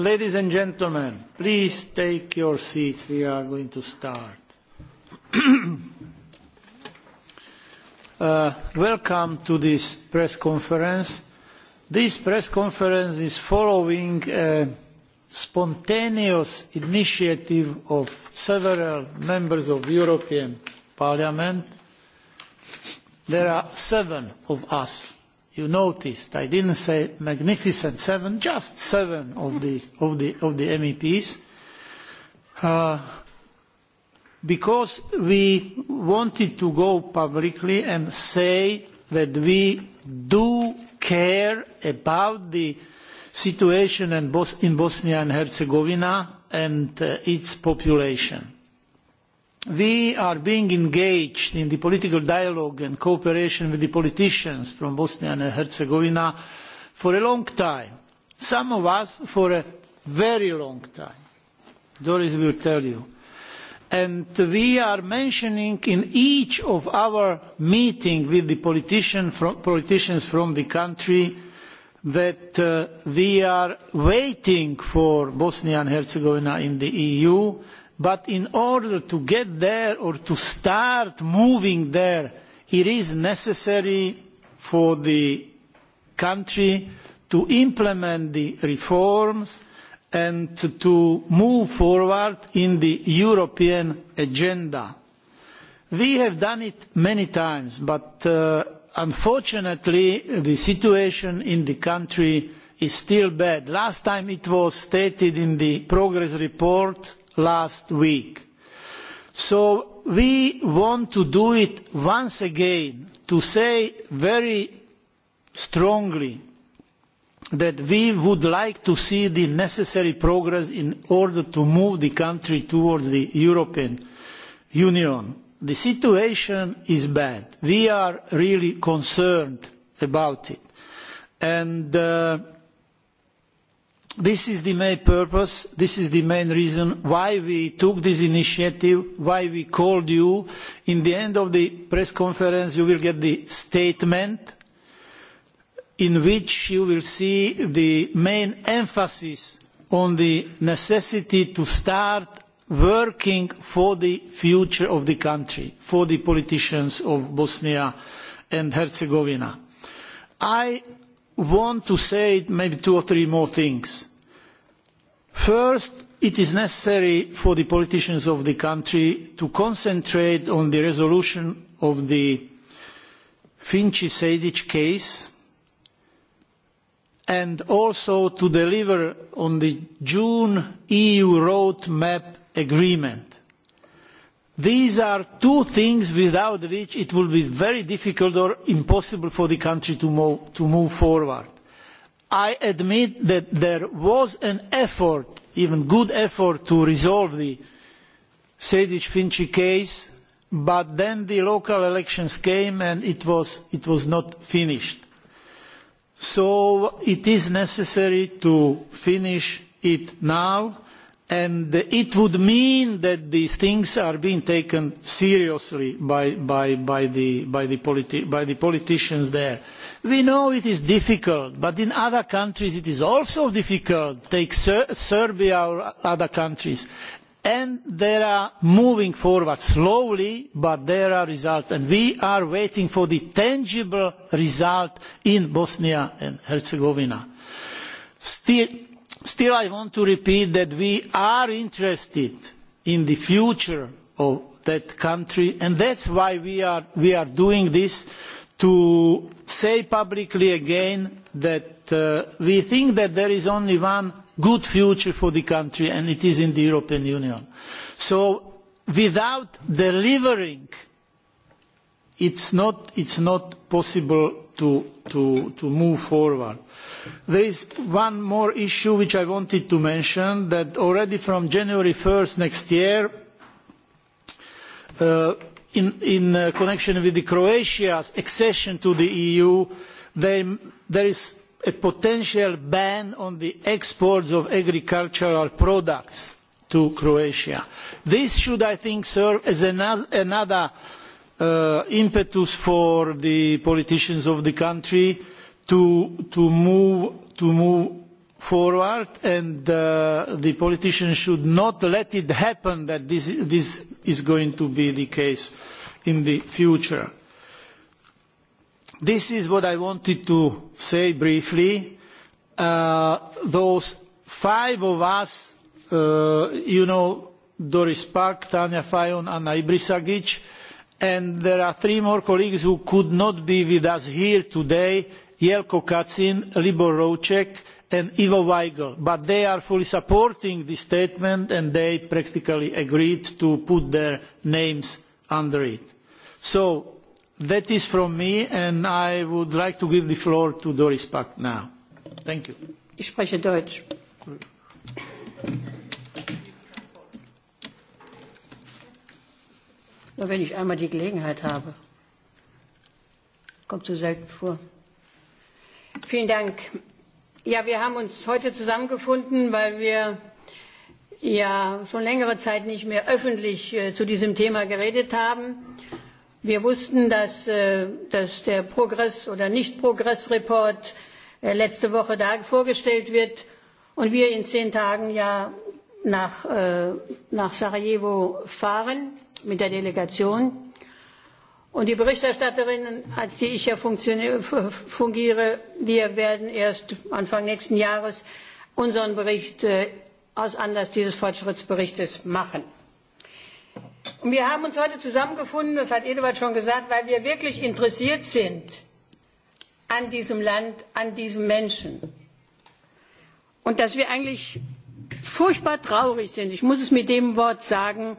Ladies and gentlemen, please take your seats. We are going to start. Welcome to this press conference. This press conference is following a spontaneous initiative of several members of the European Parliament. There are seven of us you noticed I did not say magnificent seven, just seven of the, MEPs, because we wanted to go publicly and say that we do care about the situation in, Bosnia and Herzegovina and its population we are being engaged in the political dialogue and cooperation with the politicians from Bosnia and Herzegovina for a long time. Some of us for a very long time. Doris will tell you. And we are mentioning in each of our meetings with the politicians from the country that we are waiting for Bosnia and Herzegovina in the EU But in order to get there or to start moving there, it is necessary for the country to implement the reforms and to move forward in the European agenda. We have done it many times, but unfortunately the situation in the country is still bad. Last time it was stated in the progress report last week. So we want to do it once again to say very strongly that we would like to see the necessary progress in order to move the country towards the European Union. The situation is bad. We are really concerned about it. And this is the main purpose this is the main reason why we took this initiative why we called you at the end of the press conference you will get the statement in which you will see the main emphasis on the necessity to start working for the future of the country for the politicians of bosnia and herzegovina. i want to say maybe two or three more things. First, it is necessary for the politicians of the country to concentrate on the resolution of the Finci Sedic case and also to deliver on the June EU roadmap agreement These are two things without which it will be very difficult or impossible for the country to move, forward. I admit that there was an effort, even a good effort, to resolve the Sedic-Finci case, but then the local elections came and it was, it was not finished. So it is necessary to finish it now and it would mean that these things are being taken seriously by, the, politicians there. We know it is difficult, but in other countries it is also difficult. Take Serbia or other countries. And they are moving forward slowly, but there are results. And we are waiting for the tangible result in Bosnia and Herzegovina. Still, Still, I want to repeat that we are interested in the future of that country, and that is why we are, doing this to say publicly again that we think that there is only one good future for the country, and it is in the European Union. So, without delivering, it is not possible to move forward. There is one more issue which I wanted to mention, that already from January 1st next year, in connection with Croatia's accession to the EU, there is a potential ban on the exports of agricultural products to Croatia. This should, I think, serve as another impetus for the politicians of the country to move forward and the politicians should not let it happen that this is going to be the case in the future. This is what I wanted to say briefly. those five of us, you know, Doris pack Tanja Fajon, Anna Ibrisagic, and there are three more colleagues who could not be with us here today jelko kacin libor rouek and ivo Weigl, but they are fully supporting this statement and they practically agreed to put their names under it. So that is from me and I would like to give the floor to Doris Pack now. Thank you. Nur wenn ich einmal die Gelegenheit habe. Kommt so selten vor. Vielen Dank. Ja, wir haben uns heute zusammengefunden, weil wir ja schon längere Zeit nicht mehr öffentlich zu diesem Thema geredet haben. Wir wussten, dass, der Progress- oder Nicht-Progress-Report letzte Woche vorgestellt wird und wir in zehn Tagen ja nach, Sarajevo fahren mit der Delegation. Und die Berichterstatterin, als die ich ja fungiere, wir werden erst Anfang nächsten Jahres unseren Bericht aus Anlass dieses Fortschrittsberichts machen. Und wir haben uns heute zusammengefunden, das hat Eduard schon gesagt, weil wir wirklich interessiert sind an diesem Land, an diesem Menschen. Und dass wir eigentlich furchtbar traurig sind, ich muss es mit dem Wort sagen,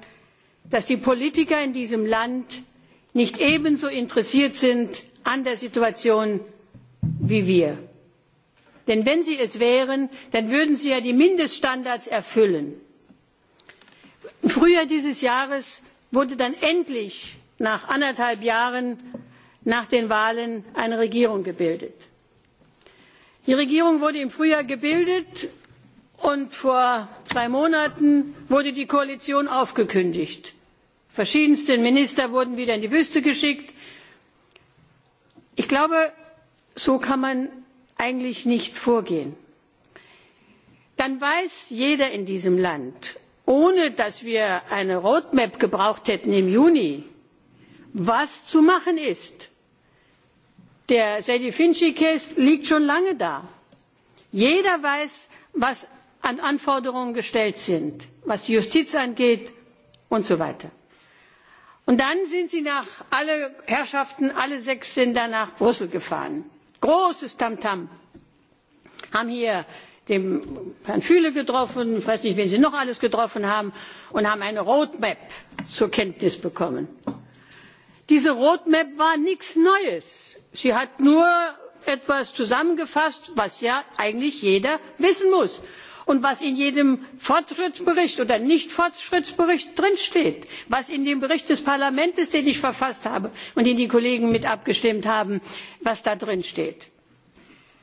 dass die politiker in diesem land nicht ebenso interessiert sind an der situation wie wir. denn wenn sie es wären dann würden sie ja die mindeststandards erfüllen. im frühjahr dieses jahres wurde dann endlich nach anderthalb jahren nach den wahlen eine regierung gebildet. die regierung wurde im frühjahr gebildet und vor zwei monaten wurde die koalition aufgekündigt. Verschiedenste minister wurden wieder in die wüste geschickt. ich glaube so kann man eigentlich nicht vorgehen. dann weiß jeder in diesem land ohne dass wir eine roadmap gebraucht hätten im juni was zu machen ist. der sejdi finci case liegt schon lange da. jeder weiß was an anforderungen gestellt sind was die justiz angeht und so weiter und dann sind sie nach alle herrschaften alle sechs sind dann nach brüssel gefahren großes tamtam haben hier den herrn füle getroffen ich weiß nicht wen sie noch alles getroffen haben und haben eine roadmap zur kenntnis bekommen. diese roadmap war nichts neues sie hat nur etwas zusammengefasst was ja eigentlich jeder wissen muss und was in jedem fortschrittsbericht oder nicht fortschrittsbericht drinsteht was in dem bericht des parlaments den ich verfasst habe und den die kollegen mit abgestimmt haben drinsteht.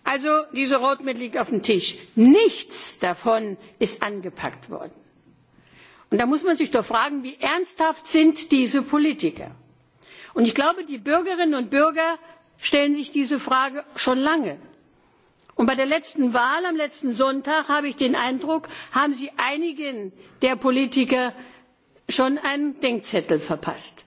also diese roadmap liegt auf dem tisch. nichts davon ist angepackt worden. und da muss man sich doch fragen wie ernsthaft sind diese politiker? und ich glaube die bürgerinnen und bürger stellen sich diese frage schon lange und bei der letzten wahl am letzten sonntag habe ich den eindruck haben sie einigen der politiker schon einen denkzettel verpasst.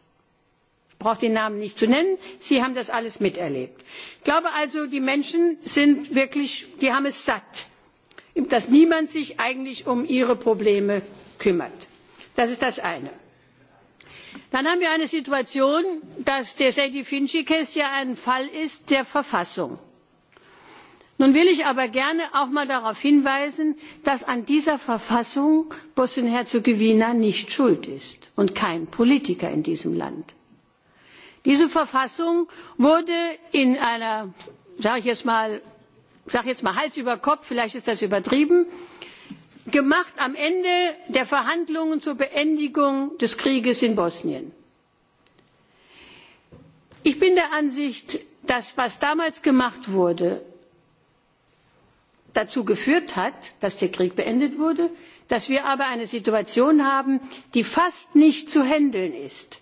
ich brauche die namen nicht zu nennen sie haben das alles miterlebt. ich glaube also die menschen sind wirklich die haben es satt dass niemand sich eigentlich um ihre probleme kümmert. das ist das eine. dann haben wir eine situation dass der sejdi finci case ja ein fall ist der verfassung nun will ich aber gerne auch mal darauf hinweisen dass an dieser verfassung bosnien und herzegowina nicht schuld ist und kein politiker in diesem land. diese verfassung wurde in einer sage jetzt mal hals über kopf vielleicht ist das übertrieben gemacht am ende der verhandlungen zur beendigung des krieges in bosnien. ich bin der ansicht dass was damals gemacht wurde dazu geführt hat dass der krieg beendet wurde dass wir aber eine situation haben die fast nicht zu handeln ist.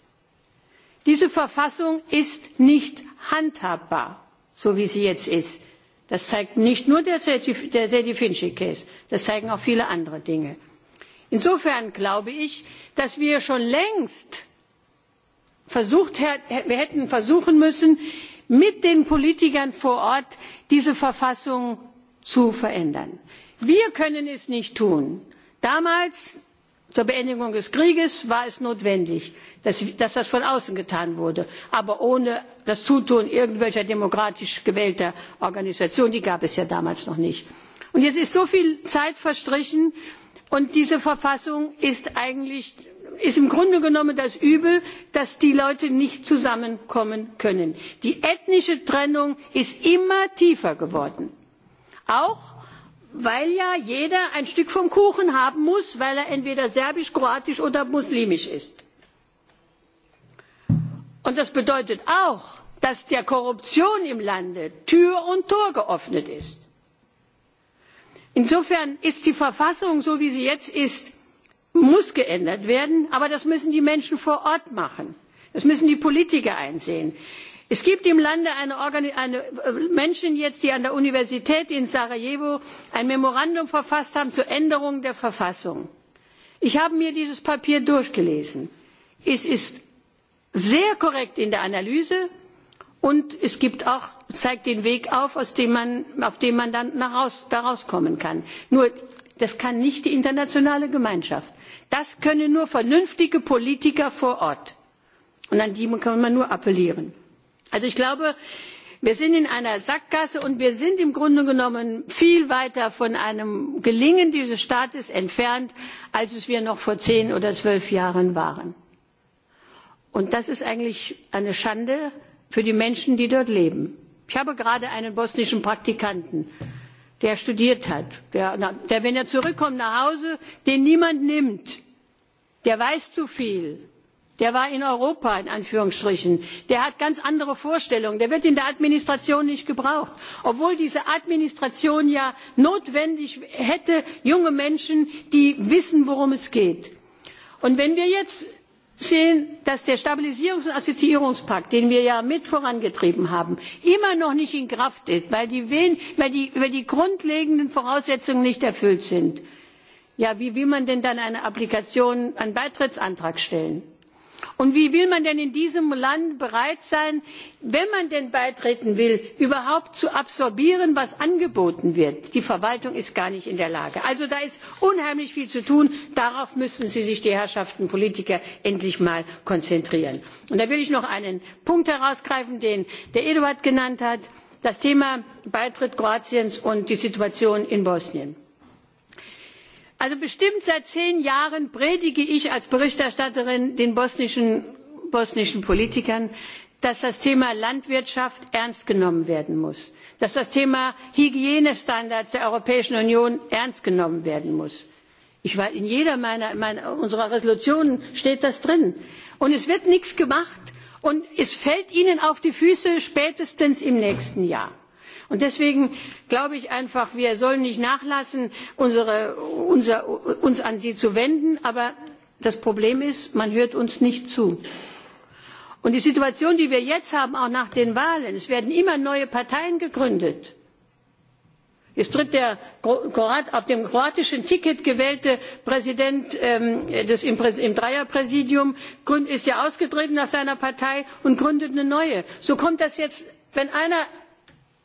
diese verfassung ist nicht handhabbar so wie sie jetzt ist. das zeigt nicht nur der sejdi case das zeigen auch viele andere dinge. insofern glaube ich dass wir schon längst versucht hätten versuchen müssen mit den politikern vor ort diese verfassung zu verändern. Wir können es nicht tun. Damals zur Beendigung des Krieges war es notwendig, dass, das von außen getan wurde. Aber ohne das Zutun irgendwelcher demokratisch gewählter Organisationen, die gab es ja damals noch nicht. Und jetzt ist so viel Zeit verstrichen und diese Verfassung ist eigentlich ist im Grunde genommen das Übel, dass die Leute nicht zusammenkommen können. Die ethnische Trennung ist immer tiefer geworden Auch weil ja jeder ein Stück vom Kuchen haben muss, weil er entweder serbisch, kroatisch oder muslimisch ist. Und das bedeutet auch, dass der Korruption im Lande Tür und Tor geöffnet ist. Insofern ist die Verfassung, so wie sie jetzt ist, muss geändert werden, aber das müssen die Menschen vor Ort machen. Das müssen die Politiker einsehen es gibt im lande menschen jetzt die an der universität in sarajevo ein memorandum verfasst haben zur änderung der verfassung. ich habe mir dieses papier durchgelesen. es ist sehr korrekt in der analyse und es zeigt den weg auf auf dem man dann kommen kann. nur das kann nicht die internationale gemeinschaft das können nur vernünftige politiker vor ort und an die kann man nur appellieren also ich glaube wir sind in einer sackgasse und wir sind im grunde genommen viel weiter von einem gelingen dieses staates entfernt als wir noch vor zehn oder zwölf jahren waren. und das ist eigentlich eine schande für die menschen die dort leben. ich habe gerade einen bosnischen praktikanten der studiert hat der wenn er zurückkommt nach hause den niemand nimmt der weiß zu viel der war in europa in anführungsstrichen der hat ganz andere vorstellungen der wird in der administration nicht gebraucht obwohl diese administration ja notwendig hätte junge menschen die wissen worum es geht. Und wenn wir jetzt sehen dass der stabilisierungs und assoziierungspakt den wir ja mit vorangetrieben haben immer noch nicht in kraft ist weil die grundlegenden voraussetzungen nicht erfüllt sind ja wie will man denn dann einen beitrittsantrag stellen? Und wie will man denn in diesem Land bereit sein, wenn man denn beitreten will, überhaupt zu absorbieren, was angeboten wird? Die Verwaltung ist gar nicht in der Lage. Also da ist unheimlich viel zu tun. Darauf müssen Sie sich die Herrschaften Politiker endlich mal konzentrieren. Und da will ich noch einen Punkt herausgreifen, den der Eduard genannt hat. Das Thema Beitritt Kroatiens und die Situation in Bosnien also bestimmt seit zehn jahren predige ich als berichterstatterin den bosnischen politikern dass das thema landwirtschaft ernst genommen werden muss dass das thema hygienestandards der europäischen union ernst genommen werden muss. in jeder unserer entschließungen steht das drin. und es wird nichts gemacht und es fällt ihnen auf die füße spätestens im nächsten jahr und deswegen glaube ich einfach wir sollen nicht nachlassen uns an sie zu wenden aber das problem ist man hört uns nicht zu. und die situation die wir jetzt haben auch nach den wahlen es werden immer neue parteien gegründet Jetzt tritt der auf dem kroatischen Ticket gewählte Präsident im Dreierpräsidium ist ja ausgetreten aus seiner Partei und gründet eine neue. So kommt das jetzt, wenn einer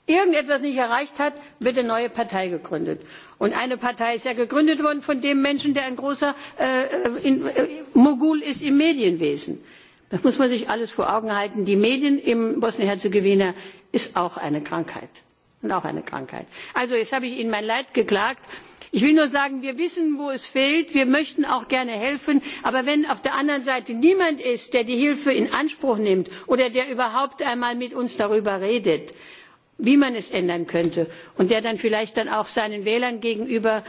irgendetwas nicht erreicht hat wird eine neue partei gegründet. und eine partei ist ja gegründet worden von dem menschen der ein großer mogul ist im medienwesen. das muss man sich alles vor augen halten. die medien in bosnien herzegowina ist auch eine krankheit. Und auch eine Krankheit. Also jetzt habe ich Ihnen mein Leid geklagt. Ich will nur sagen, wir wissen, wo es fehlt. Wir möchten auch gerne helfen. Aber wenn auf der anderen Seite niemand ist, der die Hilfe in Anspruch nimmt oder der überhaupt einmal mit uns darüber redet, wie man es ändern könnte und der dann vielleicht dann auch seinen wählern gegenüber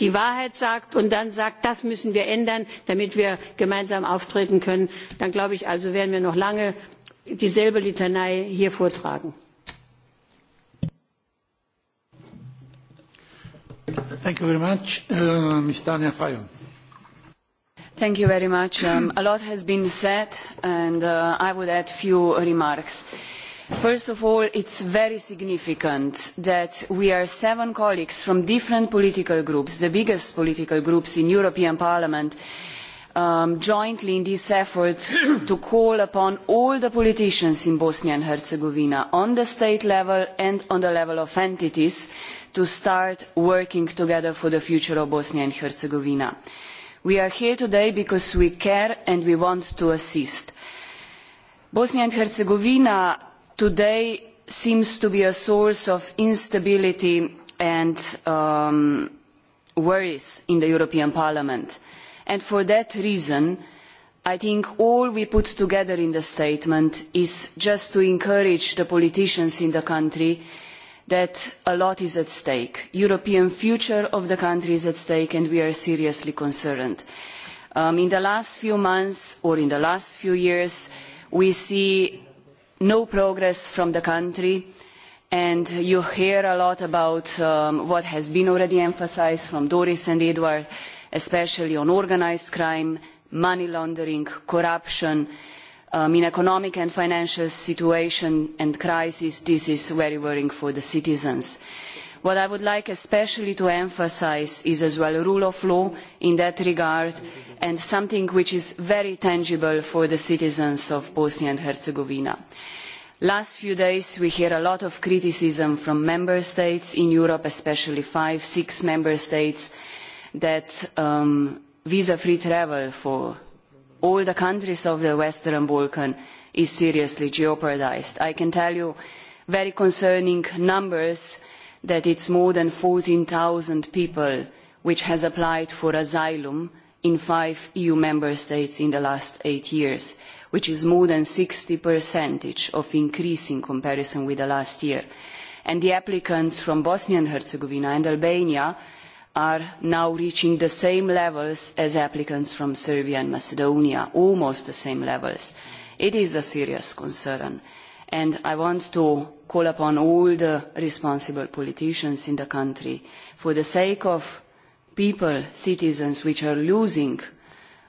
die wahrheit sagt und dann sagt das müssen wir ändern damit wir gemeinsam auftreten können dann glaube ich also werden wir noch lange dieselbe litanei hier vortragen. Thank you very much. a lot has been said, and I would add a few remarks. Uh, First of all, it is very significant that we are seven colleagues from different political groups, the biggest political groups in European Parliament, jointly in this effort to call upon all the politicians in Bosnia and Herzegovina on the state level and on the level of entities to start working together for the future of Bosnia and Herzegovina. We are here today because we care and we want to assist. Bosnia and Herzegovina today seems to be a source of instability and worries in the European Parliament. And for that reason, I think all we put together in the statement is just to encourage the politicians in the country that a lot is at stake. The European future of the country is at stake and we are seriously concerned. in the last few months or in the last few years, we see no progress from the country and you hear a lot about what has been already emphasised from Doris and Edward, especially on organised crime, money laundering, corruption. in economic and financial situation and crisis, this is very worrying for the citizens. What I would like especially to emphasise is as well rule of law in that regard and something which is very tangible for the citizens of Bosnia and Herzegovina last few days we hear a lot of criticism from member states in europe especially five six member states that visa free travel for all the countries of the western balkans is seriously jeopardised. i can tell you very concerning numbers that it is more than fourteen zero people who have applied for asylum in five eu member states in the last eight years which is more than 60% of increase in comparison with the last year. And the applicants from Bosnia and Herzegovina and Albania are now reaching the same levels as applicants from Serbia and Macedonia, almost the same levels. It is a serious concern. And I want to call upon all the responsible politicians in the country, for the sake of people, citizens, which are losing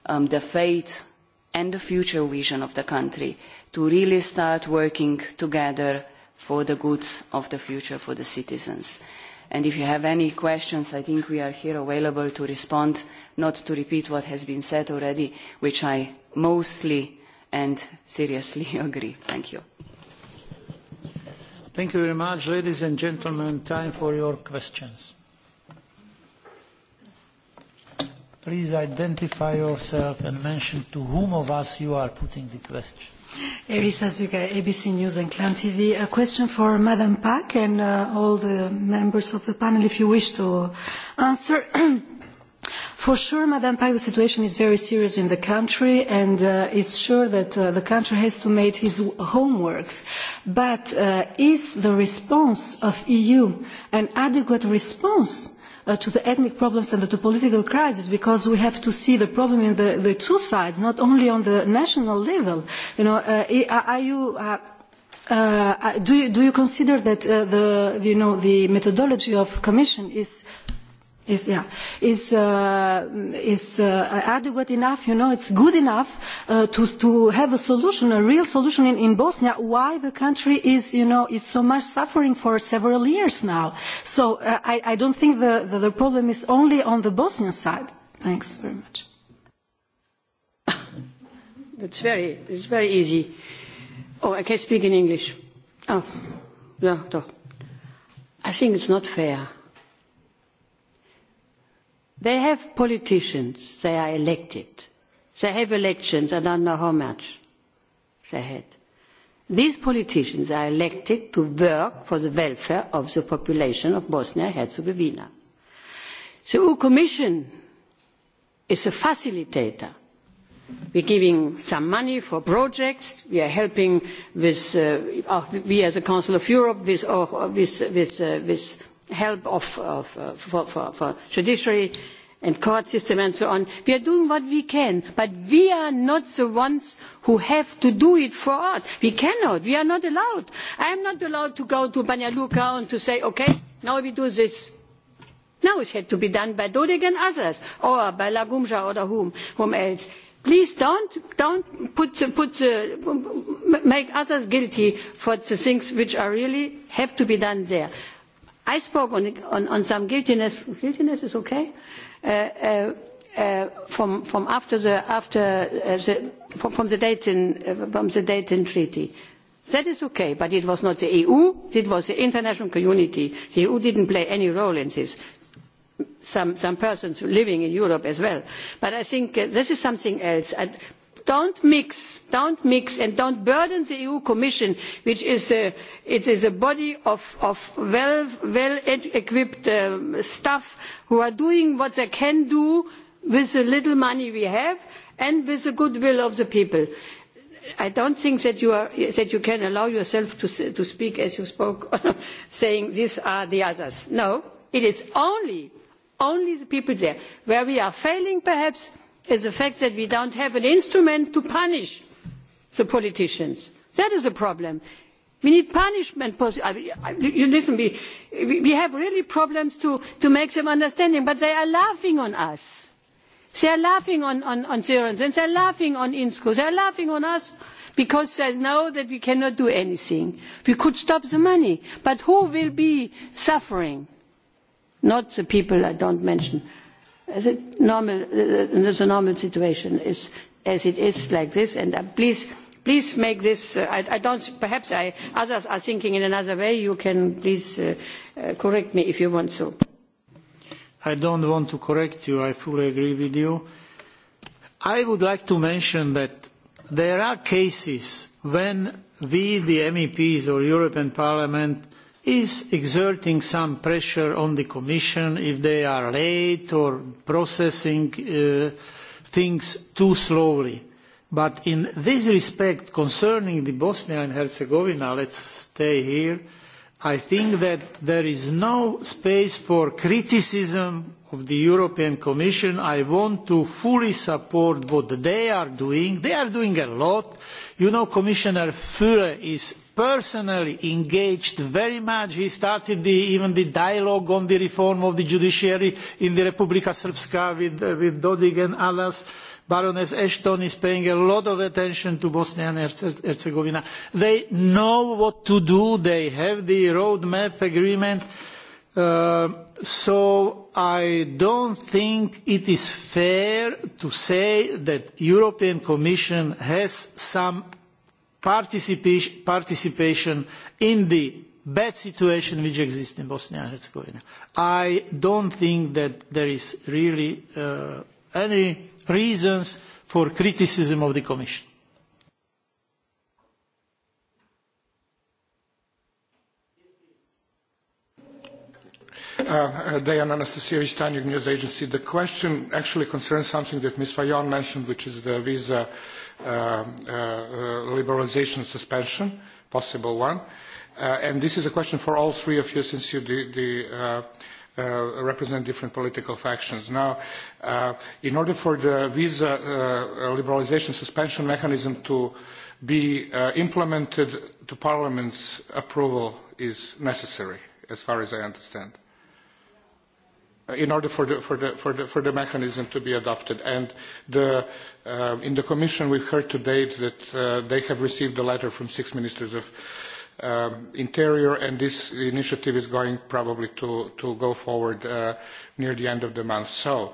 the faith and the future vision of the country to really start working together for the good of the future for the citizens. And if you have any questions, I think we are here available to respond, not to repeat what has been said already, which I mostly and seriously agree. Thank you. Thank you very much, ladies and gentlemen. Time for your questions. Please identify yourself and mention to whom of us you are putting the question. Erisa Zuga, ABC News and Clan TV. A question for Madam Pak and uh, all the members of the panel, if you wish to answer. For sure, Madam Pak, the situation is very serious in the country, and uh, it's sure that uh, the country has to make his homeworks. But uh, is the response of EU an adequate response to the ethnic problems and the political crisis because we have to see the problem in the, the two sides, not only on the national level. You know, uh, are you, uh, uh, do you do you consider that uh, the you know the methodology of Commission is is yeah is uh, is uh, adequate enough you know it's good enough uh, to to have a solution a real solution in, in bosnia why the country is you know it's so much suffering for several years now so uh, i i don't think the, the the problem is only on the bosnian side thanks very much it's very it's very easy oh i can speak in english oh yeah, i think it's not fair They have politicians, they are elected. They have elections, I don't know how much they had. These politicians are elected to work for the welfare of the population of Bosnia and Herzegovina. The EU Commission is a facilitator. We are giving some money for projects. We are helping with, we as the Council of Europe with, with, with, with help of, of, uh, for, for, for judiciary and court system and so on. We are doing what we can, but we are not the ones who have to do it for us. We cannot. We are not allowed. I am not allowed to go to Banyaluka and to say, okay, now we do this. No, it had to be done by Dodig and others, or by Lagumja or whom, whom else. Please don't, don't put, put make others guilty for the things which are really have to be done there I spoke on, on, on some guiltiness. Guiltiness is okay. Uh, uh, uh, from from after the after uh, the, from, from the Dayton uh, from the Dayton Treaty, that is okay. But it was not the EU; it was the international community. The EU didn't play any role in this. Some some persons living in Europe as well. But I think uh, this is something else. I, don't mix don't mix and don't burden the eu commission which is a body of well equipped staff who are doing what they can do with the little money we have and with the goodwill of the people i do not think that you can allow yourself to speak as you spoke saying these are the others no it is only the people there where we are failing perhaps is the fact that we do not have an instrument to punish the politicians. That is a problem. We need punishment. You listen, we, we have really problems to, to make them understanding, but they are laughing on us. They are laughing on, on, on Syrians and they are laughing on INSCO. They are laughing on us because they know that we cannot do anything. We could stop the money, but who will be suffering? Not the people I don't mention As a normal, uh, the normal situation is as it is like this, and uh, please please make this I, I don't perhaps I, others are thinking in another way you can please uh, uh, correct me if you want to I don't want to correct you I fully agree with you I would like to mention that there are cases when we the MEPs or European Parliament is exerting some pressure on the Commission if they are late or processing things too slowly. But in this respect, concerning Bosnia and Herzegovina, let us stay here, I think that there is no space for criticism of the European Commission, I want to fully support what they are doing. They are doing a lot. You know, Commissioner Füle is personally engaged very much. He started even the dialogue on the reform of the judiciary in the Republika Srpska with, Dodig and others. Baroness Ashton is paying a lot of attention to Bosnia and Herzegovina. They know what to do. They have the roadmap agreement so I don't think it is fair to say that the European Commission has some participation in the bad situation which exists in Bosnia and Herzegovina. I don't think that there is really any reasons for criticism of the Commission. Diana Anastasievich, Tanyug News Agency. The question actually concerns something that Ms. Fayon mentioned, which is the visa liberalization suspension, possible one. and this is a question for all three of you since you the, the uh, represent different political factions. Now, uh, in order for the visa uh, liberalization suspension mechanism to be uh, implemented, to Parliament's approval is necessary, as far as I understand. Uh, in order for the, for the, for the, for the mechanism to be adopted. And the, uh, in the Commission, we've heard to date that uh, they have received a letter from six ministers of um, Interior, and this initiative is going probably to, to go forward uh, near the end of the month. So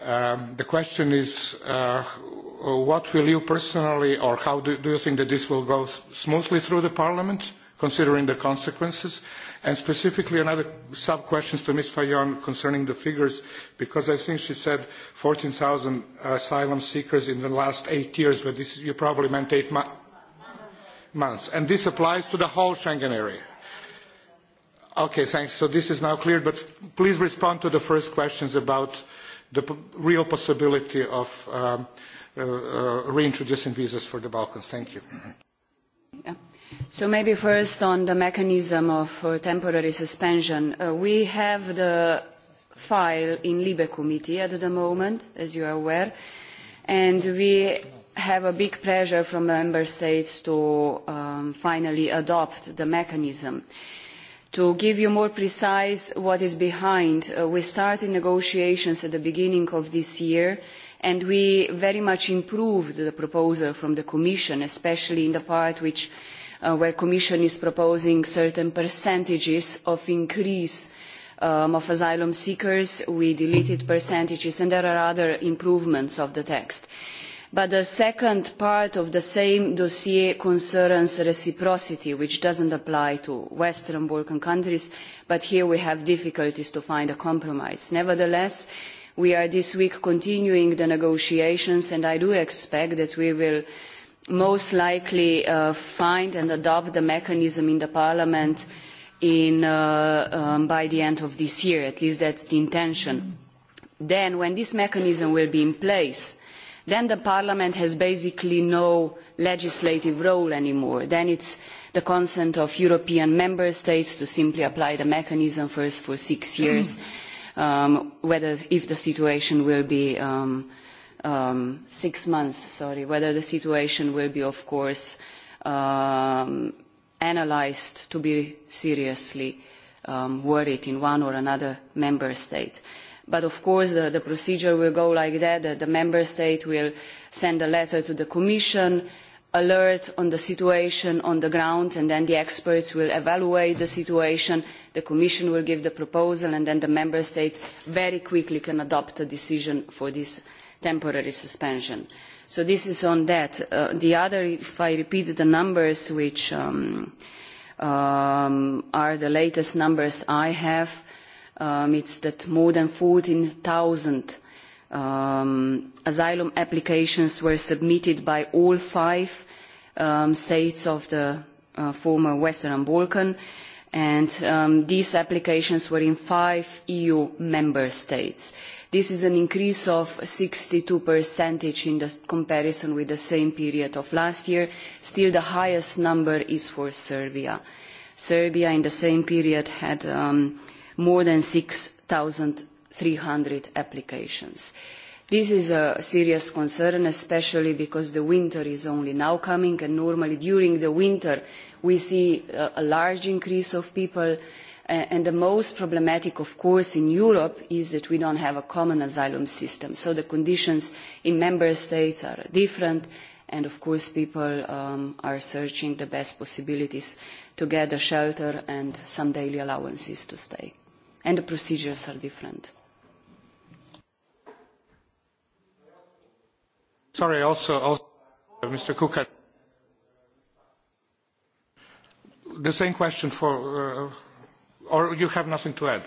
um, the question is, uh, what will you personally, or how do, do you think that this will go smoothly through the Parliament? considering the consequences? And specifically, another sub question to Ms. Fayon concerning the figures, because I think she said 14,000 asylum seekers in the last eight years, but this, you probably meant eight months. Months. And this applies to the whole Schengen area. Okay, thanks. So this is now clear, but please respond to the first questions about the real possibility of reintroducing visas for the Balkans. Thank you. So maybe first on the mechanism of temporary suspension. we have the file in Libe committee at the moment, as you are aware, and we have a big pressure from member states to finally adopt the mechanism. To give you more precise what is behind, we started negotiations at the beginning of this year and we very much improved the proposal from the Commission, especially in the part which where the Commission is proposing certain percentages of increase of asylum seekers. We deleted percentages, and there are other improvements of the text. But the second part of the same dossier concerns reciprocity, which does not apply to Western Balkan countries, but here we have difficulties to find a compromise. Nevertheless, we are this week continuing the negotiations, and I do expect that we will most likely find and adopt the mechanism in Parliament by the end of this year. At least that is the intention. Then, when this mechanism will be in place, then Parliament has basically no legislative role anymore. Then it is the consent of European member states to simply apply the mechanism first for six years, whether if the situation will be um, six months, sorry, whether the situation will be, of course, um, analysed to be seriously um, worried in one or another member state. But of course, the, the procedure will go like that, that the member state will send a letter to the Commission, alert on the situation on the ground and then the experts will evaluate the situation the commission will give the proposal and then the member states very quickly can adopt a decision for this temporary suspension. So this is on that. the other, if I repeat the numbers, which are the latest numbers I have, um, it's that more than 14,000 um, asylum applications were submitted by all five states of the former Western Balkan, and these applications were in five EU member states. This is an increase of 62% in the comparison with the same period of last year. Still, the highest number is for Serbia. Serbia in the same period had more than 6,300 applications. This is a serious concern, especially because the winter is only now coming, and normally during the winter we see a large increase of people and the most problematic, of course, in Europe is that we don't have a common asylum system. So the conditions in member states are different, and of course people are searching the best possibilities to get a shelter and some daily allowances to stay. And the procedures are different. Sorry, also, also Mr. Kukat. The same question for... Uh, or you have nothing to add?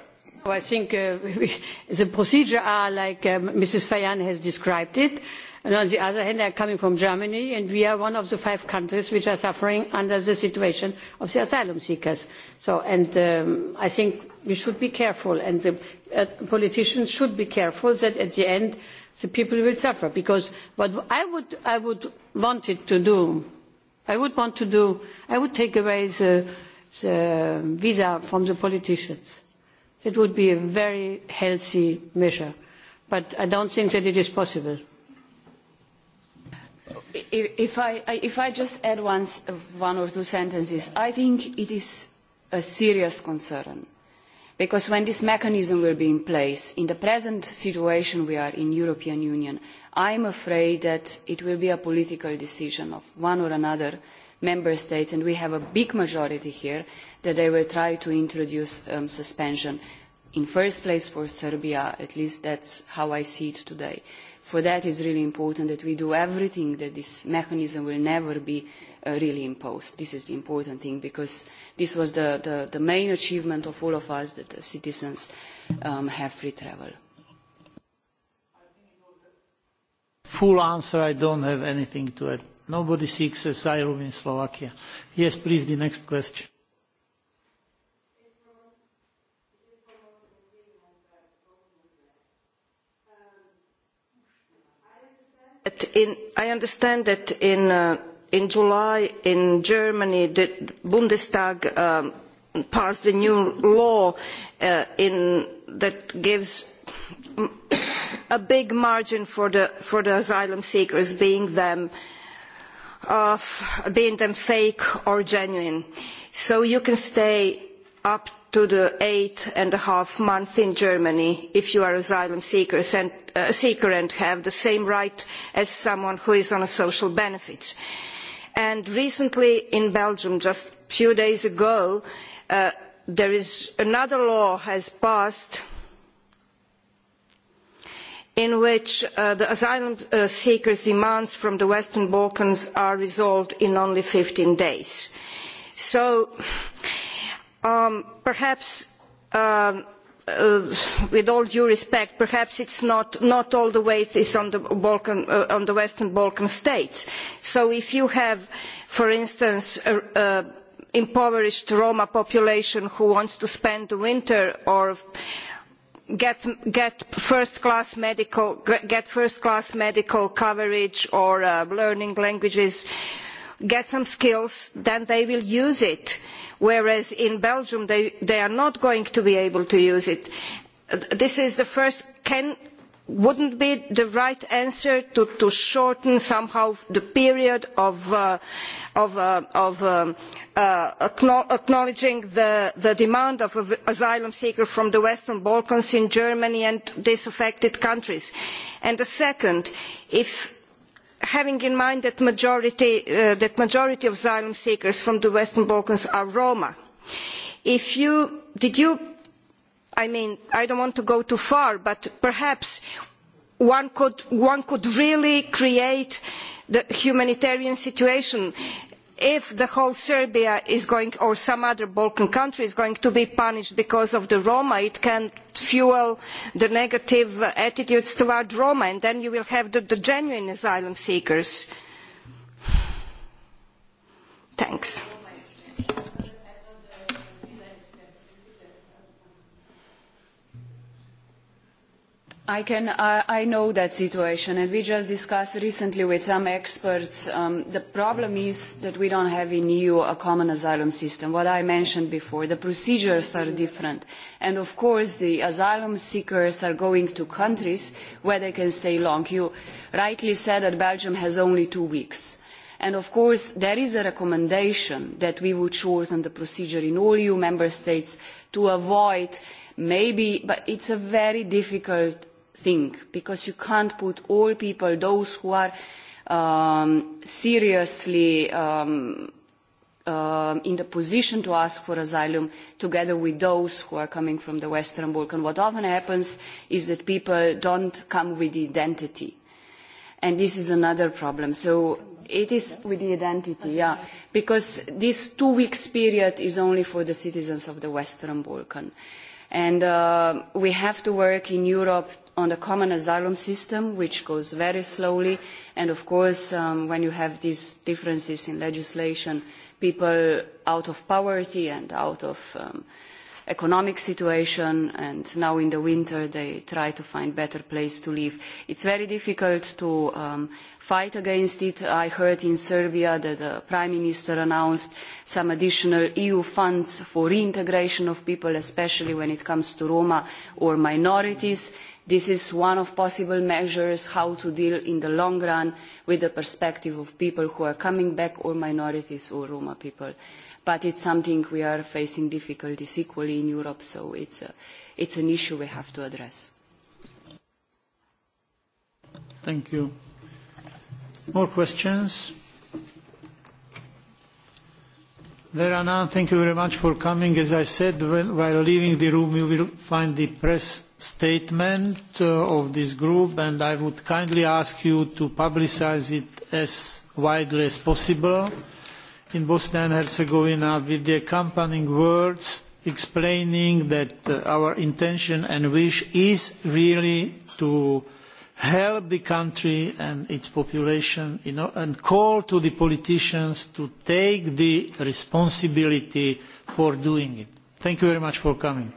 No, I think the procedure are like Mrs. Fayan has described it. And on the other hand, I am coming from Germany, and we are one of the five countries which are suffering under the situation of the asylum seekers. So, and I think we should be careful, and the uh politicians should be careful that at the end the people will suffer. Because what I would, I would want it to do, I would want to do, I would take away the the visa from the politicians. It would be a very healthy measure, but I don't think that it is possible. If I, if I just add once, one or two sentences, I think it is a serious concern because when this mechanism will be in place, in the present situation we are in the European Union, I am afraid that it will be a political decision of one or another member states, and we have a big majority here, that they will try to introduce suspension. In the first place for Serbia, at least that is how I see it today. For that it is really important that we do everything that this mechanism will never be really imposed. This is the important thing because this was the, the, the main achievement of all of us that the citizens have free travel. Full answer, I don't have anything to add. Nobody seeks asylum in Slovakia. Yes, please, the next question. I understand that in July in Germany the Bundestag passed a new law that gives a big margin for the asylum seekers, being them of being them fake or genuine. So you can stay up to the eight and a half months in Germany if you are an asylum seeker and, have the same right as someone who is on social benefits. And recently in Belgium, just a few days ago, there is another law has passed in which the asylum seekers' demands from the Western Balkans are resolved in only fifteen days. So perhaps, with all due respect, perhaps it's not, not all the weight is on the, Balkan, on the Western Balkan states. So if you have, for instance, an impoverished Roma population who wants to spend the winter or get first class medical coverage or learning languages get some skills then they will use it whereas in belgium they are not going to be able to use it. this is the first can would not be the right answer to, shorten somehow the period of, acknowledging the, demand of asylum seekers from the Western Balkans in Germany and these affected countries? And the second, if having in mind that the majority of asylum seekers from the Western Balkans are Roma, if you, did you I mean, I don't want to go too far, but perhaps one could, really create the humanitarian situation if the whole Serbia is going, or some other Balkan country is going to be punished because of the Roma, it can fuel the negative attitudes toward Roma, and then you will have the, genuine asylum seekers. Thanks. I can I know that situation, and we just discussed recently with some experts. the problem is that we don't have in EU a common asylum system. What I mentioned before, the procedures are different, and of course the asylum seekers are going to countries where they can stay long. You rightly said that Belgium has only two weeks. And of course, there is a recommendation that we would shorten the procedure in all EU member states to avoid maybe, but it's a very difficult thing because you can't put all people, those who are um, seriously um, uh, in the position to ask for asylum together with those who are coming from the Western Balkans. What often happens is that people don't come with identity. And this is another problem. So it is with the identity, yeah, because this two-week period is only for the citizens of the Western Balkans And we have to work in Europe on the common asylum system, which goes very slowly. And of course, when you have these differences in legislation, people out of poverty and out of economic situation and now in the winter they try to find a better place to live. It is very difficult to fight against it. I heard in Serbia that the Prime Minister announced some additional EU funds for reintegration of people, especially when it comes to Roma or minorities this is one of possible measures how to deal in the long run with the perspective of people who are coming back or minorities or Roma people but it's something we are facing difficulties equally in Europe, so it's, a, it's an issue we have to address. Thank you. More questions? There are none. Thank you very much for coming. As I said, while leaving the room, you will find the press statement of this group, and I would kindly ask you to publicise it as widely as possible in Bosnia and Herzegovina with the accompanying words explaining that our intention and wish is really to help the country and its population and call to the politicians to take the responsibility for doing it. Thank you very much for coming.